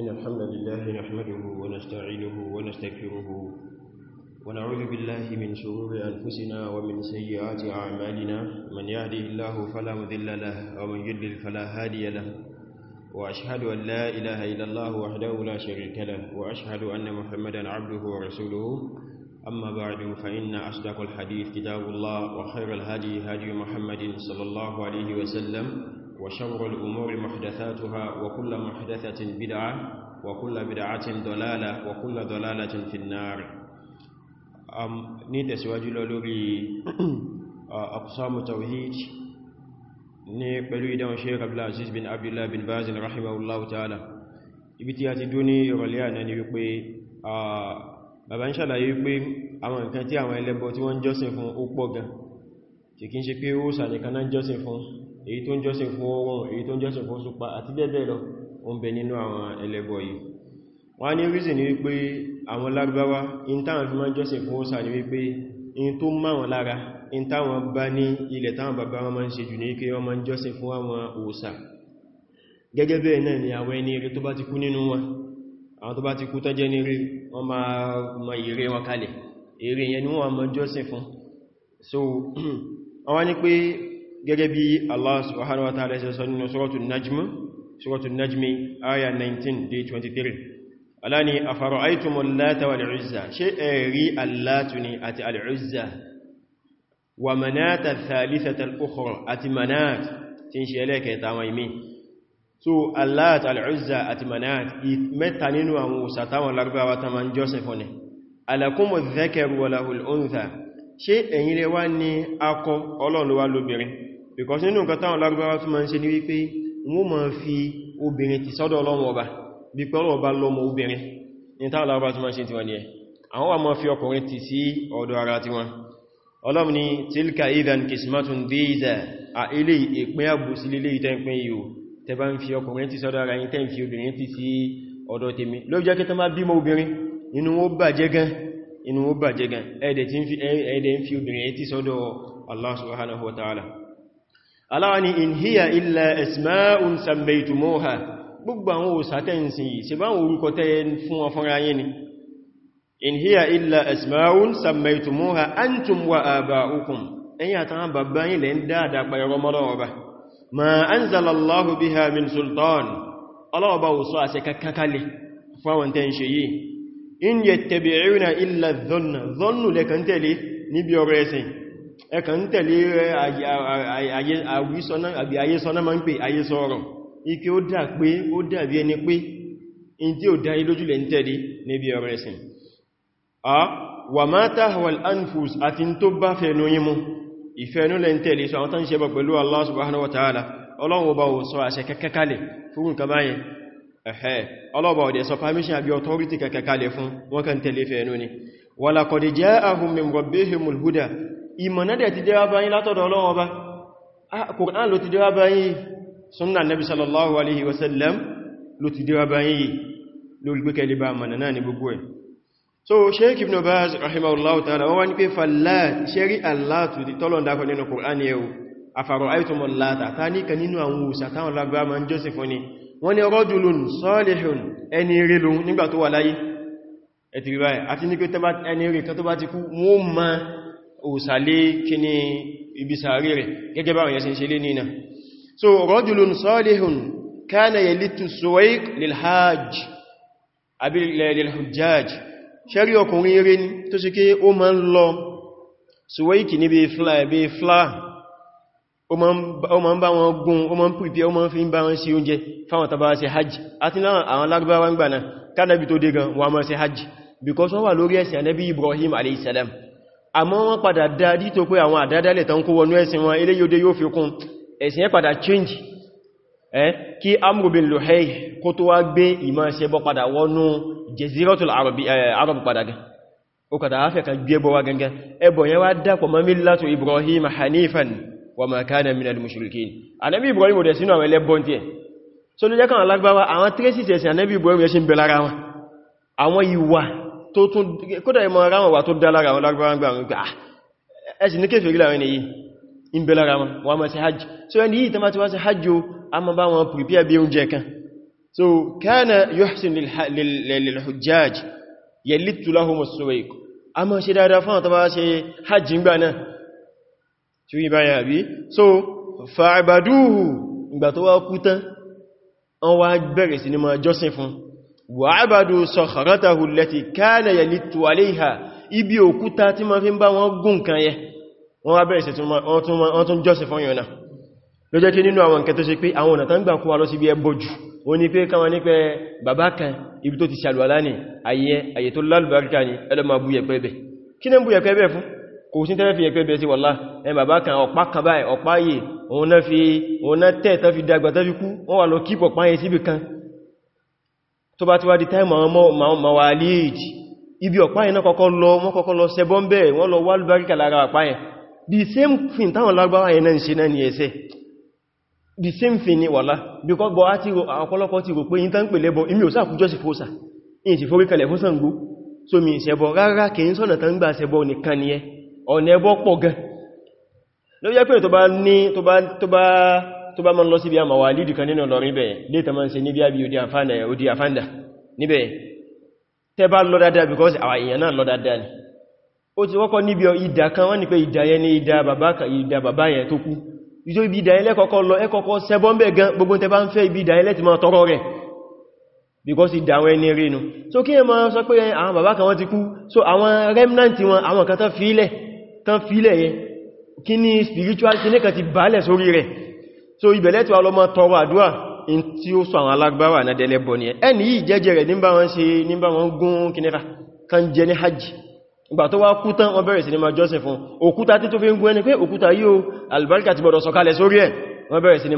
إن الحمد لله نحمده ونستعينه ونستغفره ونعوذ بالله من شرور أنفسنا ومن سيئات أعمالنا من يهده الله فلا مذل له ومن يدل فلا هادي له وأشهد أن لا إله إلا الله وحده لا شريك له وأشهد أن محمدا عبده ورسوله أما بعد فإن أصدق الحديث كتاب الله وخير الهدي هدي محمد صلى الله عليه وسلم وشر الأمور محدثاتها وكل محدثة بدعة وكل بدعة ضلالة وكل ضلالة في النار أم نيتس واجل لوري أقسام توحيد ni pẹ̀lú ìdáwọn ṣe rabla aziz bin abdullahi bin bazin rahimahullahu ta'ala ibi tí a ti dún ní ìrọ̀lẹ́ àná ni wípé bàbá ń ṣàlàyé wípé àwọn nǹkan tí àwọn ẹlẹ́bọ tí wọ́n jọ́sìn fún ó pọ̀ gan kìkín ṣe pé ó sànìkaná jọ́sìn fún èyí tó ń jọ́sìn fún oòrùn èyí tó ń jọ́sìn fún súpa àti bẹ́ẹ̀bẹ́ẹ̀ lọ ó ń bẹ nínú àwọn ẹlẹ́bọ yìí wọ́n ní rízì ní wípé àwọn lárúbáwá in táwọn fi máa jọ́sìn fún òsà ní wípé in tó máwọn lára in táwọn bá ní ilẹ̀ táwọn bàbá wọn máa ń ṣe jù ní wípé wọ́n máa ń jọ́sìn fún àwọn òsà gẹ́gẹ́ bẹ́ẹ̀ náà ni àwọn ẹni rí tó bá ti kú nínú wọn àwọn tó bá ti kú tán jẹ́ ní rí wọ́n máa mọ ìrẹ́ wọn kalẹ̀ èrè yẹn ni wọ́n máa jọ́sìn fún so àwọn ni pé gẹ́gẹ́ bí Allah subhanahu wa ta'ala ṣe sọ nínú suratul najm suratul najmi aya 19 day 23 alani afara'aytum al-lata wal-uzza ṣé ẹ rí allatu ni àti al-uzza wa manata thalithata al-ukhra manat tí ń ṣe ẹlẹ́kẹta wọn imi so allat al-uzza àti manat mẹ́ta nínú àwọn òsàtàwọn larabawa ta ma joseph ne alakumu dhakaru wa lahul untha ṣé ẹ̀yin lẹ ní akọ Ọlọ́run lóbìnrin because nínú nǹkan táwọn lárúbáwá tún ma ń ṣe ní wípé wọ́n ma fi obìnrin ti sọ́dọ̀ ọlọ́run ọba bí pẹ́lú ọba lọ́mọ obìnrin ní táwọn lárúbáwá tún ma ń ṣe tiwọn nìyẹn àwọn wà ma fi ọkùnrin ti sí ọ̀dọ̀ ara tiwọn ọlọ́run ni tilka idan kismatun a ilé ìpín àbùsí lílé ìtẹ́ǹpín yìí tẹ fi ara aláwọ̀ ni in hiya illa asma'un sammaytumuha gbogbo àwọn òsàtẹ́ǹsìn yìí ṣe bá wọn orúkọ tẹ́ fún wọn fúnra yín ni in hiya illa asma'un sammaytumuha antum wa aba'ukum ẹ̀yin àtàwọn bàbá yín lẹ́ ń dáadáa pẹ̀rọ mọ́lọ́wọ́ ma anzalallahu biha min ẹkàn ń tẹ̀lé a àbí ayésọ́nà máa ń pè ayésọ́rọ̀ ike ó dà pé ó dàbí ẹni pé in tí ó dáyé lójúlẹ̀ ń tẹ̀lé níbi ọ̀rọ̀ ẹ̀sìn a wà máa táhàwàl anfus àti tó bá fẹ̀nú yín mú ìfẹ́nú lẹ́ ń tẹ̀lé sọ àwọn tán ṣe bọ̀ pẹ̀lú Allah ìmọ̀nádẹ̀ ti dẹ́wà báyìí látọ̀dọ̀ Ọlọ́run Ọba ah, Kùrán ló ti dẹ́wà báyìí súnnà Nabi sallallahu alaihi wasallam ló ti dẹ́wà báyìí lórí gbẹ́kẹ̀lé mọ̀nà náà ní gbogbo ẹ̀ so Sheikh Ibn Baz rahimahullahu ta'ala wọ́n ní pé fallat ṣẹ́rí allatu ti tọ́lọ̀ dákọ̀ nínú Kùrán yẹ o afàrọ̀ aitumọ̀ láta ta ní kan nínú àwọn òsà táwọn lágbà ma ń jọ́sìn fún ni wọ́n ní rajulun salihun ẹni rí lóhun ti kú wọ́n máa òsàlé kíní ibisàrí rẹ̀ gẹ́gẹ́ bá wọ̀nyẹ́ sin ṣe lé nínà so rọ́jùlùn sọ́lẹ̀hùn kánà yẹ lítù sọ́wẹ́k lilhajj àbí lilhujjaj ṣẹ́rí ọkùnrin rí ní tó ṣe kí ó ma ń lọ sọ́wẹ́k níbi flá ó ma ń bá wọn gún ó ma ń pìpì ó ma ń fi ń bá wọn sí oúnjẹ fáwọn tàbá ṣe hajj àti láwọn àwọn lágbàwà ń gbà náà kánàbí tó dé gan wọ́n ma ṣe hajj because wọ́n wà lórí ẹ̀sìn ànábì Ibrahim alayhisalam àmọ́ wọ́n padà dáadí tó pé àwọn àdádálẹ̀ tán kó wọnú ẹ̀sìn wọn ilé yóò dé yóò fi kún ẹ̀sìn yẹ́ padà change ẹ́ kí amrubin luhay kó tó wá gbé ìmọ̀ ṣẹbọ padà wọnú jeziratul arab padà gan ó kàdà áfẹ́ ibrahim hanifan wa ma kana minal mushrikin ibrahim òdẹ̀ sínú àwọn ẹlẹ́bọn so ló jẹ́ kan alágbára àwọn traces ẹ̀sìn anabi ibrahim yẹ́ sí ń bẹ lára àwọn ìwà tó tún kódà ìmọ̀ ara wọn wà tó dá lára wọn lágbára gbà wọn gbà ah, ẹ̀sìn ní kéfèrí láàrin èyí ń lára wọn wọ́n máa ṣe hajj so ẹni yìí tamá ti wá ṣe hajj o a máa bá wọn prepare bí oúnjẹ kan so kana yuhsin lilhujjaj yalittu lahum as-suwayq a máa ṣe dáadáa fún àwọn tó bá ṣe so fa'abaduhu ìgbà tó wá kú tán wọ́n wá sí ni وعبدوا صخرته التي كان يلت عليها ibi òkúta tí ma fi ń bá wọn gùn kan yẹ wọ́n wá bẹ̀rẹ̀ sí wọ́n tún jọ́sìn fún yọ̀nà ló jẹ́ kí nínú àwọn nǹkan tó ṣe pé àwọn ọ̀nà tán gbà kó wa lọ sí ibi ẹbọ jù ó ní pé káwọn ní pé bàbá kan ibi tó ti ṣàlùwàlá ní ayé ayé tó lálùbáríkà ní ẹlọ́mà bú yẹ̀pẹ̀ bẹ̀ kí ní bú yẹ̀pẹ̀ bẹ̀ fún kò sí tẹ́lẹ̀ fi yẹ̀pẹ̀ bẹ̀ sí wọ́lá ẹ bàbá kan ọ̀pá kan ọ̀pá yìí òun tó bá ti wá di táìmù àwọn mawàlìíjì ibi ọ̀pá iná kọ́kọ́ lọ wọ́n kọ́kọ́ lọ sẹbọ́n bẹ́ẹ̀ wọ́n lọ wá lùbáríkà lára ọ̀pá yẹn the same thing táwọn lágbára yẹn náà ń ṣe náà ni ẹsẹ́ the same thing ni wàlá because bọ́ á ti rò ọ̀pọ̀lọpọ̀ ti rò pé yí tán pèlẹ́bọ imi ò sáàkújọ́ sí fóòsà in ti forí kalẹ̀ fóòsàn so mi ìṣẹ́bọ rárá kìí sọ́nà tán gbà ṣẹbọ nìkan ni ẹ ọ̀nà ẹbọ pọ̀ gan ló yẹ pé tó tó bá mọ́ lọ sí bí a mawalidi kan nínú lọ ríbẹ̀ dẹ́ta mọ́ sí ní bí a bí odi àfándà níbẹ̀ tẹ́ bá lọ dáadáa because àwọn èèyàn náà lọ dáadáa ni ó ti wọ́kọ́ níbi ìdà kan wọ́n ni pé ìdà yẹn ni ìdà bàbá yẹn tó kú ìjọ ibi ìdà yẹn lẹ́kọ́kọ́ lọ ẹkọ́kọ́ sẹ́bọ́nbẹ̀ gan gbogbo tẹ́ bá ń fẹ́ because ìdà àwọn ẹni rí so kí yẹn máa sọ pé àwọn bàbá kan wọ́n ti kú so àwọn remnant wọn àwọn kan tán fílẹ̀ tán fílẹ̀ kí ni spiritual kí ní kan ti bàálẹ̀ sórí rẹ̀ so ibẹ̀lẹ́ tí wà lọ mọ́ tọrọ àdúwà in tí ó sọ àwọn alágbára náà dẹ̀lẹ́bọ̀ ni ẹni yìí jẹ́jẹ́ rẹ̀ nígbà wọn ṣe nígbà wọn gún kìnnìfà kan jẹ ní hajji ìgbà tó wá kú tán wọ́n bẹ̀rẹ̀ sí ní ma jọ́sìn fún òkúta tí tó fi ń gún ẹni pé òkúta yíò albarka ti gbọdọ̀ sọ̀kalẹ̀ sórí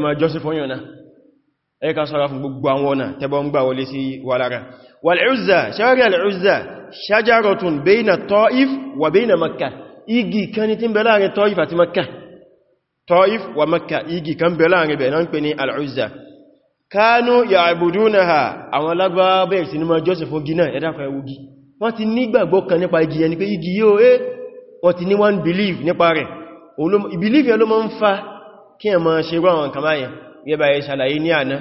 ẹ̀ Taif wa Makka igi kan bẹ láàrin bẹ̀ náà pè ní Al-Uzza. Kánú ya'budunaha àwọn lágbàá bẹ̀rẹ̀ sí ní máa Joseph ogi náà ẹ̀dàkọ̀ ẹwugi. Wọ́n ti nígbàgbọ́ kan nípa igi yẹn pé igi yóò é, eh! wọ́n ti ní wọ́n believe nípa rẹ̀. Believe yẹn ló máa ń fa kí ẹ máa ṣe rán kàmá yẹn, yẹ bá yẹ ṣàlàyé ní àná.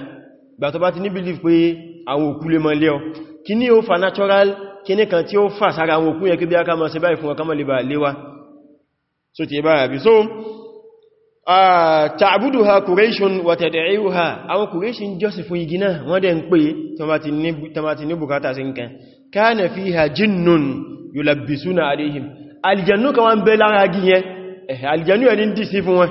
Gbà tó bá ti ní believe pé àwọn òkú lè máa lé ọ. Kí fa natural, kí kan tí ó fà sára àwọn òkú yẹn kí bí a ká máa ṣe báyìí fún ọkà máa lè bà So ti yẹ báyìí. So, Ah, tàbùdùha kùrẹ́ṣùn wàtẹ̀dẹ̀ríwùha àwọn kùrẹ́ṣùn jọ́sì fún igi náà wọ́n dẹ̀ ń pè tamati ní bukata sí nǹkan káàna fiha jinnun yulabbisuna alayhim aljannu kan wọ́n bẹ́ lára agi yẹn ẹ̀hẹ̀ eh, aljannu ẹni dì sí fún wọn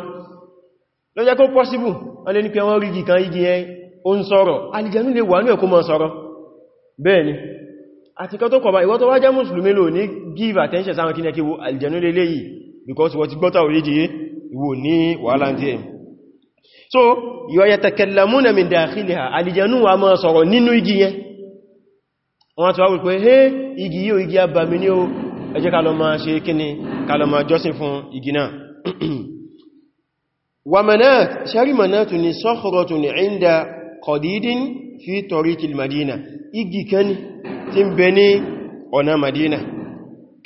ló jẹ́ kó pọ́síbù wọ́n lè ní pé wọ́n rígi kan igi yẹn ó ń sọ̀rọ̀ aljannu lè wà ní ẹ̀kọ́ mọ́ sọ̀rọ̀ bẹ́ẹ̀ni àti kan tó kọ̀bá ìwọ tó wá jẹ́ mùsùlùmí lò ní give attention sáwọn kí ní ẹkí wo aljannu because wọ́n ti gbọ́ta òríjì ìwò ní wàhálà díẹ̀ so yọ yatakallamuna min dakhiliha alìjẹnú wa máa sọ̀rọ̀ nínú igi yẹn wọ́n tó wáwùl pé hé igi yíò igi abàmì ní o ẹ jẹ́ ṣe kíni ká jọ́sìn fún igi náà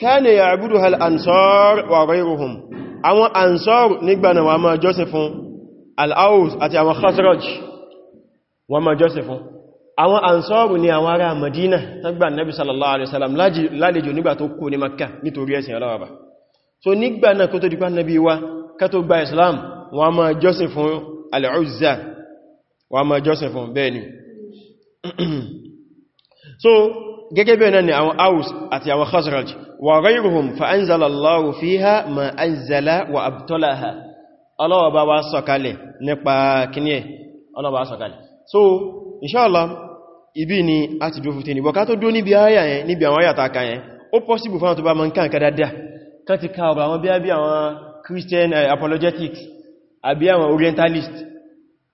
kan tí ń bẹ ansar wa ghayruhum àwọn ansọ́rù nígbàna wà máa jọ́sìn fún al'aus àti àwọn khasraj wà máa jọ́sìn fún àwọn ansọ́rù ni àwọn ará madina tàgbà nabi sallallahu alaihi wasallam lálejò nígbà tó kú ní makka nítorí ẹ̀sìn aláwàbà so nígbàna gẹ́gẹ́ bẹ́ẹ̀ náà ni àwọn aus àti àwọn khazraj wa ghayruhum fa anzala Allahu fiha ma anzala wa abtalaha Allah bá wá sọ̀kalẹ̀ nípa kíní ẹ̀ Allah bá sọ̀kalẹ̀ so inshallah ibi ni a ti dúró fúté ní bọ̀ká tó dúró níbi àyà yẹn níbi àwọn àyà taka yẹn ó possible fáwọn tó bá mọ́n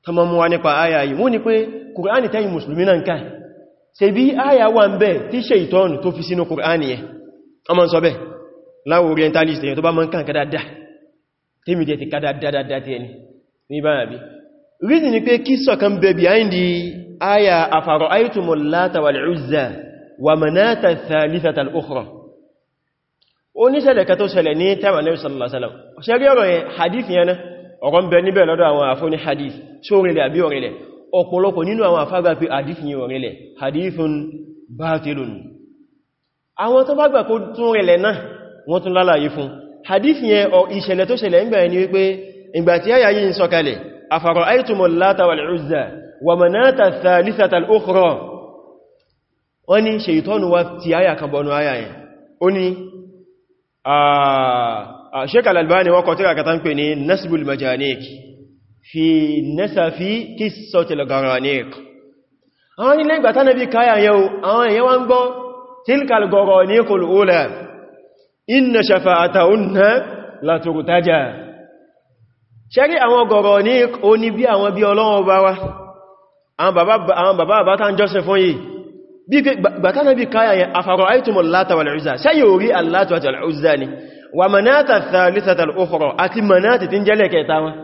mọ́ eh, mú wa ṣe bí áyà wà ń bẹ tí ṣe ìtọ́nù tó fi sínú Kùránì ẹ ọmọ ń sọ bẹ́ láwọ orientalist èyàn tó bá mọ́ ń kàn kádádá tí mi jẹ́ ti kádádádá ti ẹni ní báyà bí reason ni pé kí sọ̀kan bẹ behind the áyà àfàrọ̀ aytumul Lata wal Uzza wa Manata ath-thalithata al-ukhra ó ní ṣẹlẹ̀ kan tó ṣẹlẹ̀ ní tẹ́mà sallallahu alaihi wasallam ṣe rí ọ̀rọ̀ yẹn hadith yẹn ọ̀rọ̀ ń bẹ níbẹ̀ lọ́dọ̀ àwọn àfọ́ ní hadith ṣó rẹ̀lẹ̀ àbí ọ̀rẹ̀lẹ̀ ọ̀pọ̀lọpọ̀ nínú àwọn àfágbà pé hadith yìí ò rẹlẹ̀ hadithun batilun àwọn tó bá gbà kó tún rẹlẹ̀ náà wọ́n tún lálàyé fún hadith ìṣẹ̀lẹ̀ tó ṣẹlẹ̀ ni wípé ìgbà tí àyà yìí ń sọ̀kalẹ̀ afara'aytumul lata wal uzza wa manata thalithata al wa ti àyà kan bọnu àyà yẹn ó ní Sheikh Al-Albani wọ́n kọ tírà kan tán pè fi nasafi qissatil gharaniq àwọn ilé ìgbàtà nàbí káyà yau àwọn èyàn wọ́n gbọ́ tilkal gharaniqul ula inna shafa'atahunna la turtaja ṣẹ́rí àwọn gharaniq ó ní bí àwọn bí ọlọ́wọ́ bá wá àwọn bàbá àbátán jọ́sẹ̀ fún yìí bí gbàtà nàbí káyà yẹn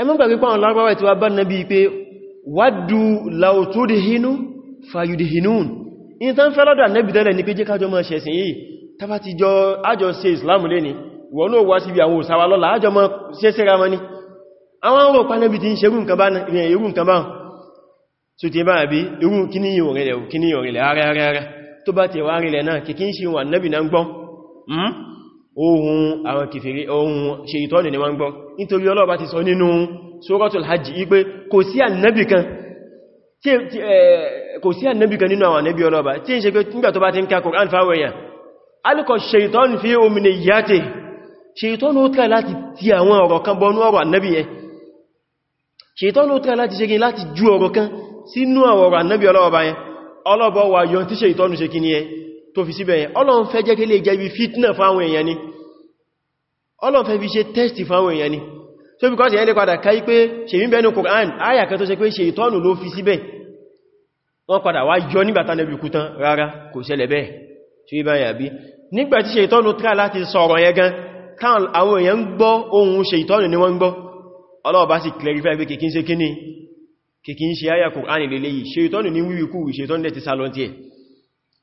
ẹmọ́ gbàgbé pàwọn lárúbáwà tí wá bá nábi pé wádù láòtúdìhínú fàyùdìhínún in tán fẹ́ lọ́dọ̀ nábi tẹ́lẹ̀ ní pé jẹ́ kájọ máa ṣẹ̀sìn yìí tàbá ti jọ ájọ ṣe islam lé ní wọ́n ló wá síbi àwọn òsàwà lọ́la ájọ máa ṣe síra mọ́ ní àwọn rò pa nábi ti ń ṣerú nǹkan bá so ti bá àbí irú ohun àwọn kìfèrè ohun ṣe ìtọ́nì ni wọ́n gbọ́ nítorí ọlọ́ọ̀bá ti sọ nínú suratul hajj wípé kò sí ànábì kan nínú àwọn ànábì ọlọ́ọ̀bá tí ń ṣe pé nígbà tó bá ti ń ka Qur'an fáwọn omine yàtẹ̀ ṣeìtọ́nì ó tẹ́ láti ti àwọn ọ̀rọ̀ kan bọnú ọ̀rọ̀ ànábì yẹn ṣeìtọ́nì ó tẹ́ láti ṣe kí láti ju ọ̀rọ̀ kan sínú àwọn ọ̀rọ̀ ànábì ọlọ́ọ̀bá yẹn tó fi síbẹ̀ yẹn Ọlọ́run fẹ́ jẹ́ kí lè jẹ́ ibi fitna fáwọn èèyàn ni Ọlọ́run fẹ́ fi ṣe test fáwọn èèyàn ni so because yẹn lè padà káyí pé ṣe mí bẹ́nu Qur'an áyà kan tó ṣe pé ṣe ìtọ́nù ló fi síbẹ̀ wọ́n padà wá yọ nígbàtà nẹ́bì kú tán rárá kò ṣẹlẹ̀ bẹ́ẹ̀ ṣe ibá yà bí nígbàtí ìtọ́nù ni wọ́n ń gbọ́ Ọlọ́run bá ní wíwíkú ṣe ìtọ́nù lẹ́ti ẹ̀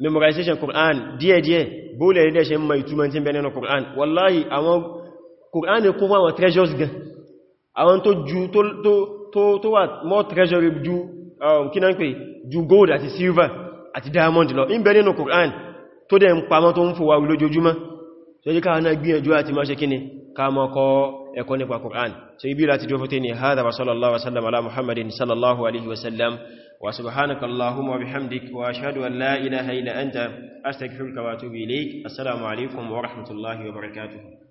memorization Qur'an díẹ̀díẹ̀ bóòlẹ̀ ilẹ̀ ṣe mọ̀ ìtumọ̀ tí ń bẹ nínú Qur'an wallahi àwọn Qur'an kún fún àwọn treasures gan àwọn tó ju tó wà more treasure ju um, kí náà ń pè ju gold àti silver àti diamond lọ ń bẹ nínú Qur'an tó dẹ̀ ń pamọ́ tó ń fòwà lójoojúmọ́ ẹ̀kọ́ nípa Qur'an so ibi láti jọ fún ní hádà wa sallallahu wa sallam ala muhammadin sallallahu alaihi wasallam wa subhanaka allahumma wa bihamdik wa ashhadu an la ilaha illa anta astaghfiruka wa atubu ilaik assalamu alaikum wa rahmatullahi wa barakatuh